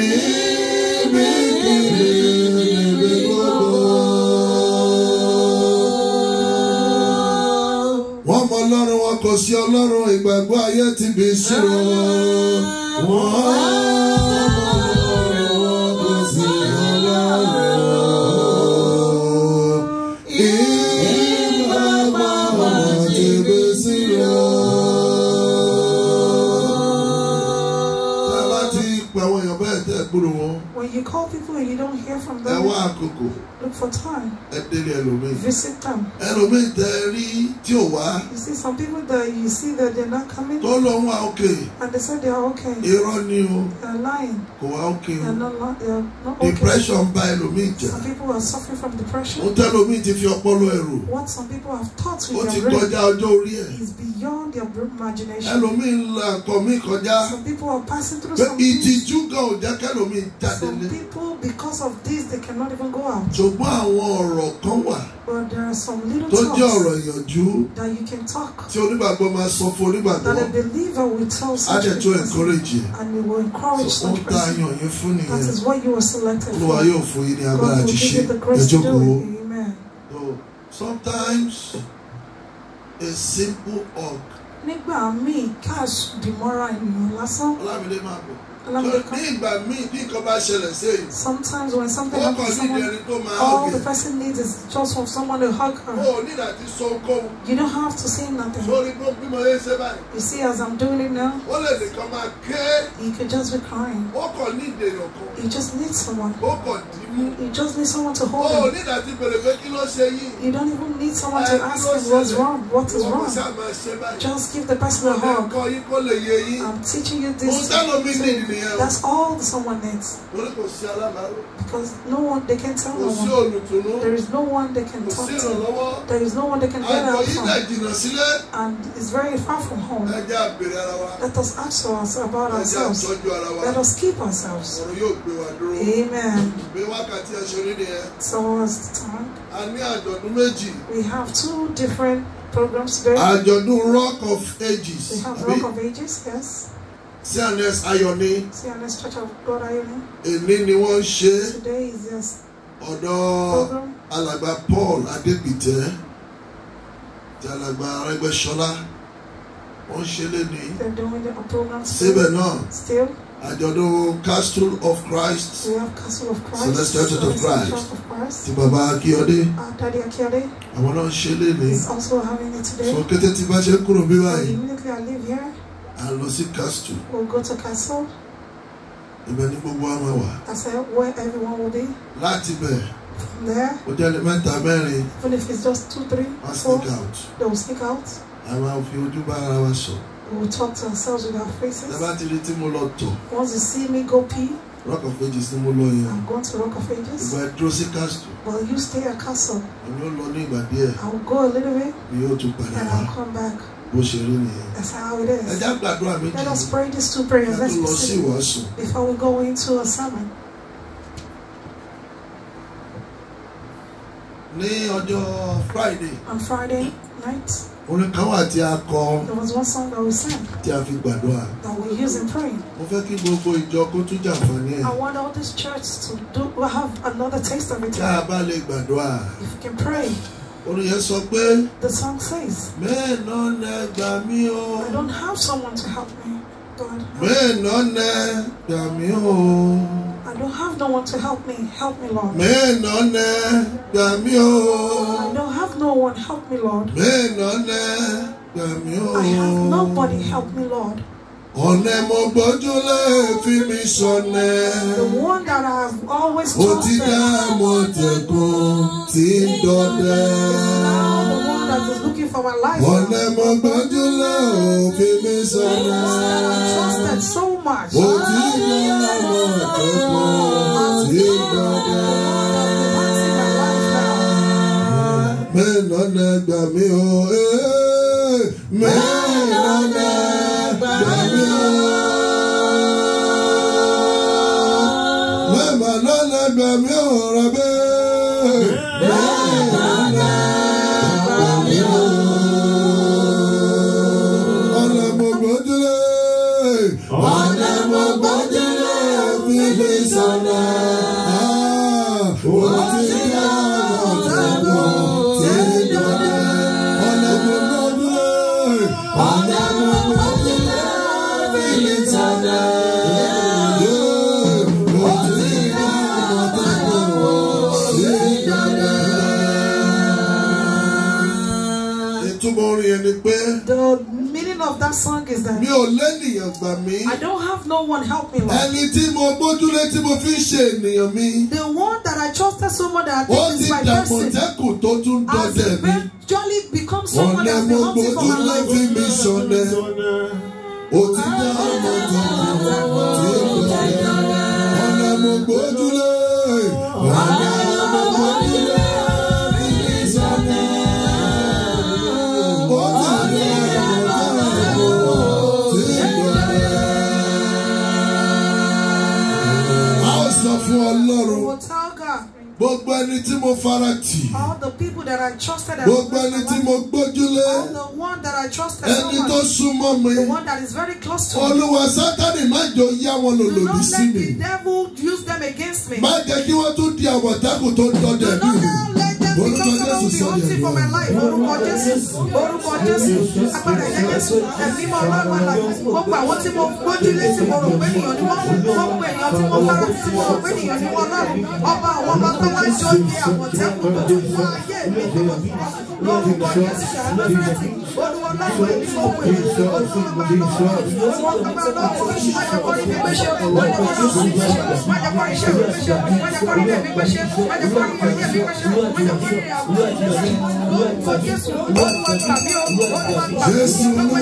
[SPEAKER 1] ọlọ́run wọn kò sí ọlọrụ ìgbàgbọ́ ayé ti bì í sírò rọrọ.
[SPEAKER 3] call people and you don't hear from them. ẹ àkókò. look for time.
[SPEAKER 1] ẹ délé ẹlòmíì. visit them. ẹlòmíì tẹ rí tí ò wá.
[SPEAKER 3] you see some people that you see that they are not coming. tó lọ wá òkè. and they say they are okay. irọ́ ni o. they are lying.
[SPEAKER 1] kò wá òkè o. they are
[SPEAKER 3] not they are not okay. depression
[SPEAKER 1] bá ẹlòmíì jẹ. some
[SPEAKER 3] people are suffering from depression. mo tẹ́
[SPEAKER 1] ẹlòmíì ti fi ọpọlọ ẹ̀rù.
[SPEAKER 3] what some people have thought with their brain. ó ti kọjá ọjọ́ orí ẹ̀. is beyond their imagination. ẹlòmíì ń la
[SPEAKER 1] nǹkan mi kọjá. some
[SPEAKER 3] people are passing through some things.
[SPEAKER 1] ìtìjú gan ò jẹ́ kẹ́lòmíì jáde lé. some people people because of this they cannot even go out. ṣùgbọ́n àwọn ọ̀rọ̀ kan wà.
[SPEAKER 3] but there are some little talks. tó jẹ́ ọ̀rọ̀ ìyànjú. that you can talk.
[SPEAKER 1] tí onígbàgbọ́ máa sọ fún onígbàgbọ́. that a
[SPEAKER 3] believer will tell such a person. á dẹ̀ tó encourage yẹ. and he will encourage so, such person. ó ta yan
[SPEAKER 1] yín fún nìyẹn. that is why you were selected for. olúwa yóò fún yín ní agbára ti ṣe ẹjọ́ gbòó. sometimes a simple hug. nígbà míì cash demoral ènìyàn lásán. ọlámídé máa bọ̀. Sometimes
[SPEAKER 3] when something happens, someone, all the person needs is just for someone to hug her. You don't have to say nothing. You see, as I'm doing it now, you could just be crying.
[SPEAKER 1] You just need someone. You just need someone to hold him. You don't even need someone to ask him what's wrong, what is wrong.
[SPEAKER 3] Just give the person a hug. I'm teaching you this. That's all someone needs. Because no one they can tell no one. There is no one they can talk to. There is no one they can get help from.
[SPEAKER 1] And
[SPEAKER 3] it's very far from home. Let us ask us about ourselves. Let us keep
[SPEAKER 1] ourselves. Amen. So was the time. We have two different programs today. Àjọ̀dún Rock of Ages. We have Rock of Ages, yes. CNS Ayọ̀ni. CNS Church of God Ayọ̀ni. Èmi ni wọ́n ṣe.
[SPEAKER 3] Today is this.
[SPEAKER 1] Ọ̀dọ̀ alàgbà Paul Adégbìtẹ́ ti alàgbà Arẹ́gbẹ́ṣọlá wọ́n ṣe lé ní. Síbẹ̀ náà. Still àjọ̀dún Castle of Christ
[SPEAKER 3] Celestial Church of Christ ti bàbá Akíọ́dé ah,
[SPEAKER 1] àwọn náà ṣe lé
[SPEAKER 3] Today so kété
[SPEAKER 1] tí bá ṣe kúrò bí báyìí a lọ sí castle.
[SPEAKER 3] we go to castle.
[SPEAKER 1] ibẹ̀ ni gbogbo àmọ́ wà.
[SPEAKER 3] I said where everyone will be. láti bẹ̀. from there. o
[SPEAKER 1] jẹ́ ní mẹ́ta even
[SPEAKER 3] if it's just two three four. wọ́n sneak out. they will sneak out.
[SPEAKER 1] a máa fi ojú bá ara wa sọ.
[SPEAKER 3] we will talk to ourselves with our faces. ẹ bá ti
[SPEAKER 1] rí tí mo lọ tọ̀.
[SPEAKER 3] once you see me go pee.
[SPEAKER 1] Rock of Ages ni mo lọ yẹn. I'm
[SPEAKER 3] going to Rock of Ages. Ìgbà
[SPEAKER 1] dúró sí castle.
[SPEAKER 3] Well, you stay at
[SPEAKER 1] castle. Èmi ó lọ ní ìgbà díẹ̀. I will go a little bit. Mi yóò tún padà wá. And I will come back. that's
[SPEAKER 3] how it let us pray these two prayers. let's before we go into a sermon.
[SPEAKER 1] ní ọjọ́ friday.
[SPEAKER 3] on friday night.
[SPEAKER 1] orin kan wà tí there
[SPEAKER 3] was one song that we sang.
[SPEAKER 1] tí that
[SPEAKER 3] we use in praying. mo want all this church to do, We have another taste of it. tá
[SPEAKER 1] a bá if you can pray. orin sọ pé. the song says. bẹ́ẹ̀ náà nẹ gbà mí o. I don't have someone to help me. God. bẹ́ẹ̀ náà nẹ gbà mí o.
[SPEAKER 3] I don't have no one to help me. Help me, Lord. Bẹ́ẹ̀ náà nẹ
[SPEAKER 1] gbà mí o. I
[SPEAKER 3] don't have no one. Help me, Lord. Bẹ́ẹ̀ náà
[SPEAKER 1] nẹ gbà mí o. I have
[SPEAKER 3] nobody. Help me, Lord
[SPEAKER 1] ọ̀nà mo gbójú lé mi sọ̀nà. the
[SPEAKER 3] one that I have always trusted. ti dá
[SPEAKER 1] àmọ̀tẹ̀kùn tí ń dọdẹ. the one that
[SPEAKER 3] is looking for my
[SPEAKER 1] life. ọ̀nà mo gbójú lé
[SPEAKER 2] mi sọ̀nà. I trusted so
[SPEAKER 3] much. ó ti dá
[SPEAKER 2] àmọ̀tẹ̀kùn tí ń dọdẹ.
[SPEAKER 1] mẹ́ẹ̀nà gbà mí o. Eh, mẹ́ẹ̀nà
[SPEAKER 2] I'm ò
[SPEAKER 1] The
[SPEAKER 3] meaning of that song is that. Mi ò
[SPEAKER 1] lẹ́nìyàn gbà mí. I don't have
[SPEAKER 3] no one help me Ẹni tí
[SPEAKER 1] mo gbójúlé tí mo fi ń ṣe ènìyàn mi. The one that I trusted so much that I think is my person. Ó ti dàmọ̀tẹ́kùn tó tún dọ́dẹ̀ mi. As jolly become someone that's been hunting for my life. Ọ̀nà mo gbójúlé fi mi ṣọ̀nẹ́. Ó ti dàmọ̀tẹ́kùn. Ọlọ́run gbogbo ẹni tí mo fara tì
[SPEAKER 3] gbogbo ẹni tí
[SPEAKER 1] mo gbójúlé
[SPEAKER 3] ẹni tó súnmọ́ mi
[SPEAKER 1] Olúwa Sátánì má jẹ́ yá wọn lò lòdì sí mi má jẹ́ kí wọ́n tún di àwọ̀tákù tó ń dọdẹ mi because of the anointing for my life orúkọ Jésù orúkọ Jésù agbára ẹ̀jẹ̀ Jésù
[SPEAKER 3] ẹ̀mí mọ ọlọ́run àlà gbogbo àwọn tí mo gbójú lé tí mo rò pé nìyàn ni wọ́n gbogbo èèyàn tí mo fara tí mo rò pé nìyàn ni wọ́n lọ́rùn ọba àwọn ọmọ tó wá jọ ní àmọ̀tẹ́kùn tó ti
[SPEAKER 2] wá ayé mi lórúkọ Jésù ṣàánú fẹ́ẹ́ tì olúwa láwọn ẹni tó wù
[SPEAKER 3] ẹ́ olúwa máa lọ́wọ́ olúwa máa lọ́wọ́ májàkọ́rí mi gbéṣẹ́ olúwa lọ́wọ́ mi gbéṣẹ́ májàkọ́rí iṣẹ́ mi gbéṣẹ́ májàkọ́rí ilé mi gbéṣẹ́ májàkọ́rí ilé mi gbéṣẹ́ májàkọ́rí ìyàwó mi gbéṣẹ́ lórúkọ Jésù olúwa tàbí olúwa tàbí Jésù olúwa.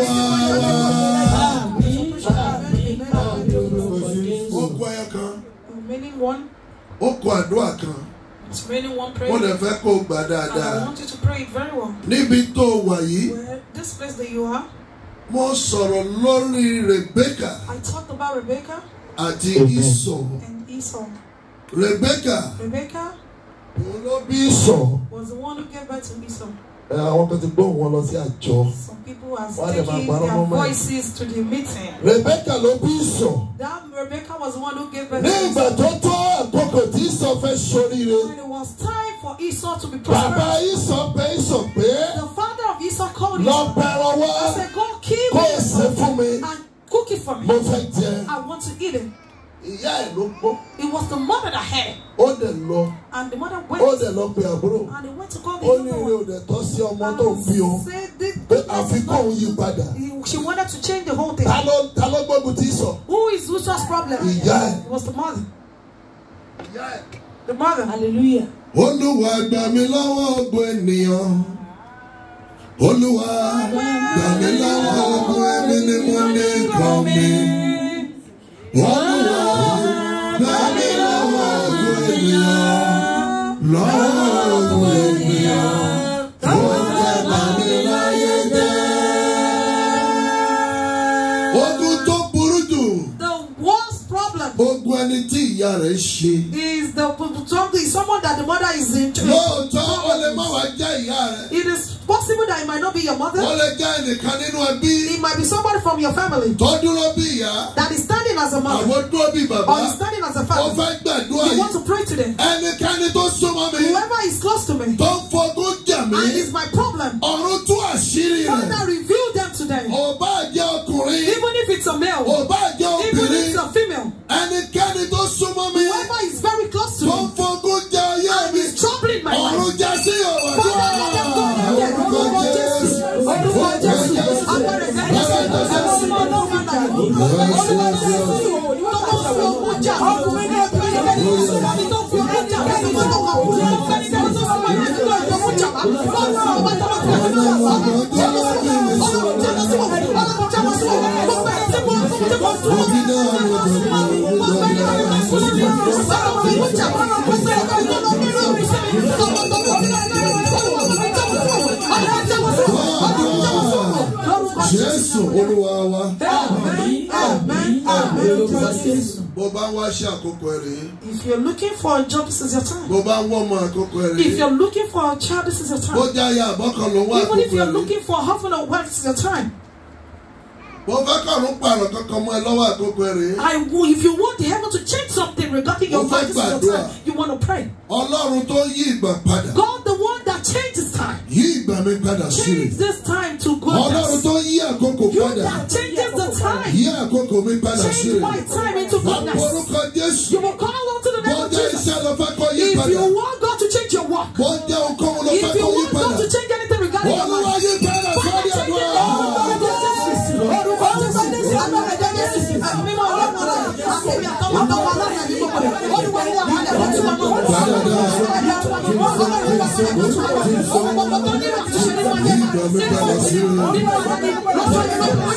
[SPEAKER 3] ó kọ ẹ̀kan
[SPEAKER 1] ó kọ àdúrà kan.
[SPEAKER 3] It's really one prayer. Mo lè fẹ́
[SPEAKER 1] kó gbà dáadáa. I want
[SPEAKER 3] you to pray it very well.
[SPEAKER 1] Níbi tó wà yìí.
[SPEAKER 3] this place that you are.
[SPEAKER 1] Mo sọ̀rọ̀ lórí Rebecca.
[SPEAKER 3] I talked about Rebecca.
[SPEAKER 1] Àti Esau. And Esau. Rebecca.
[SPEAKER 3] Rebecca. Òun ló bí Esau. Was the one who gave birth to Esau.
[SPEAKER 1] Eh, àwọn kan ti gbóhùn wọn lọ sí àjọ.
[SPEAKER 3] some people are taking their voices to the meeting. Rebecca ló
[SPEAKER 1] bí ìsọ̀.
[SPEAKER 3] that Rebecca was the one who gave birth. ní ìgbà tó tó
[SPEAKER 1] àkókò tí ìsọ̀ fẹ́ ṣoríire. when
[SPEAKER 3] it was time for Esau to be prosperous. bàbá ìsọ̀ pé ìsọ̀ pé. the father of Esau called him. lọ pẹ̀rọ wá. he said go kill me. kó o ṣe
[SPEAKER 1] fún mi. and cook it for me. mo fẹ́ jẹ. I want to eat it ìyá ẹ̀ ló gbó. it was the mother that had. ó dẹ̀ lọ. and the mother went. ó dẹ̀ lọ pe àbúrò. and he went to call the younger one. ó ní ire ò dẹ̀ tọ́ sí ọmọ tó ń bí o. pé àfi kóun yí padà. she wanted to change the whole thing. ta ló ta ló gbógun ti sọ. who is Usa's problem. ìyá ẹ̀. it was the mother. ìyá ẹ̀. the mother. hallelujah. olúwa gbà mí lọ́wọ́ ogun ènìyàn. olúwa gbà mí lọ́wọ́ ogun ẹ̀mí ni mo ní kàn mí. Olúwa gbà mí The worst problem. Ogun ẹni tí Is
[SPEAKER 3] the problem is someone that the mother is into. No, It is possible that it might not be your mother. wọ́n lè
[SPEAKER 1] jẹ́ ẹnìkan nínú ẹbí.
[SPEAKER 3] it might be somebody from your family. tó dúró bí ìyá. that is standing as a mother. àwọn dúró bí bàbá. or is standing as a father. ó fẹ́ gbàdúrà yìí. you want to pray today. ẹnikẹ́ni tó súnmọ́ mi. whoever is close to me. tó
[SPEAKER 1] ń fogún jà mí. and is my problem. ọ̀run tú àṣírí rẹ̀. father reveal them to them. ò bá jẹ́ ọkùnrin. even if it's a male. ò bá jẹ́ obìnrin. even if it's a female. ẹnikẹ́ni tó súnmọ́ mi. whoever is very close to me. tó ń fogún jà ayé mi. and is troubling my Jesus, Oluwawa. bí bó bá ń wá ṣe àkókò ẹ if you're looking for a job this is your time. bó bá ń wọ ọmọ àkókò ẹ if you're looking for a child this is your time. bó jẹ́ aya àbọ̀kan ló wá àkókò ẹ even if you're looking for a husband or wife this is your time. Mo fẹ́ kọ̀rún pààrọ̀ kankan mọ́ ẹ lọ́wọ́ àkókò ẹ I will if you want heaven to change something regarding your life this is your time
[SPEAKER 3] you want to pray.
[SPEAKER 1] Ọlọ́run tó yí ìgbà padà. God Change
[SPEAKER 3] this time to go. You
[SPEAKER 1] that changes the time. Change my time into goodness. You will call unto the name of Jesus. If you want God to change your work. If
[SPEAKER 2] you want God to change anything regarding your life. Dada, mi padà sí i. me. mi padà sí i.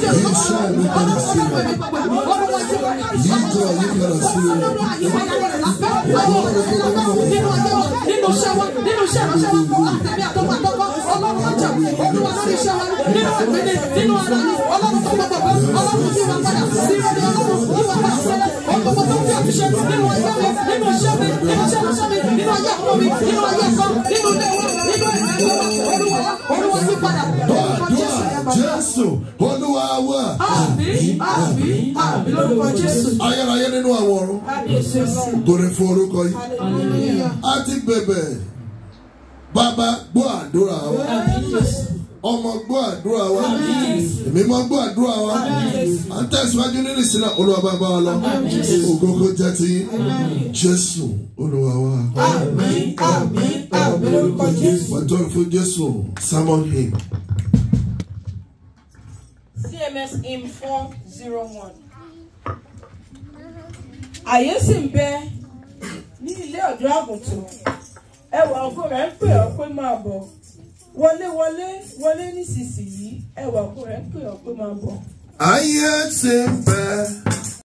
[SPEAKER 2] Yíjọ mi padà sí i. Nínú iṣẹ́ wa, nínú iṣẹ́ ìránṣẹ́ wa, àtẹ̀mí àtọ́kọ̀ àtọ́kọ̀, ọlọ́run ọjà, olúwa lórí iṣẹ́ wa, nínú àgbẹ̀dẹ, nínú ara mi, ọlọ́run tó gbọ̀gbọ̀, ọlọ́run tí wọ́n padà, sí ìrẹ́lẹ̀ ọlọ́run, ó wà padà sílẹ̀, ọgbọ̀gbọ̀ tó ń fi àtúnṣe nínú ẹgbẹ́ mi, nínú iṣẹ́ mi, nínú
[SPEAKER 1] iṣẹ́ ìránṣẹ́ mi, nínú ayé àkọ́ mi, nínú ayé ẹ̀kọ́, nínú ilé wa, nínú gbọ́ àdúrà Jésù Olúwa wa. Àmín àmín àmín lórúkọ Jésù. Ayérayé nínú àwọn ọ̀run. Torí fún orúkọ yìí. A ti bẹ̀bẹ̀. Bàbá gbọ́ àdúrà wa ọmọ gbọ́ àdúrà wa èmi máa gbọ́ àdúrà wa à ń tẹ̀síwájú nínú ìsìn náà bá wa lọ ògógó jẹ́ ti jésù olúwa wa. àmín àmín àmín lórúkọ jésù. wàjọ́ fún jésù simon him.
[SPEAKER 3] cms hymn four zero one. àyè sì ń bẹ ní ilé ọ̀dọ́ àgùntàn ẹwà ọgọ́ rẹ̀ ń pè ọ́ pé máa bọ̀ wọlé wọlé wọlé nísinsìnyí ẹwà ọkùnrin pè ọ́ pé máa bọ̀.
[SPEAKER 2] ayé ti bẹ.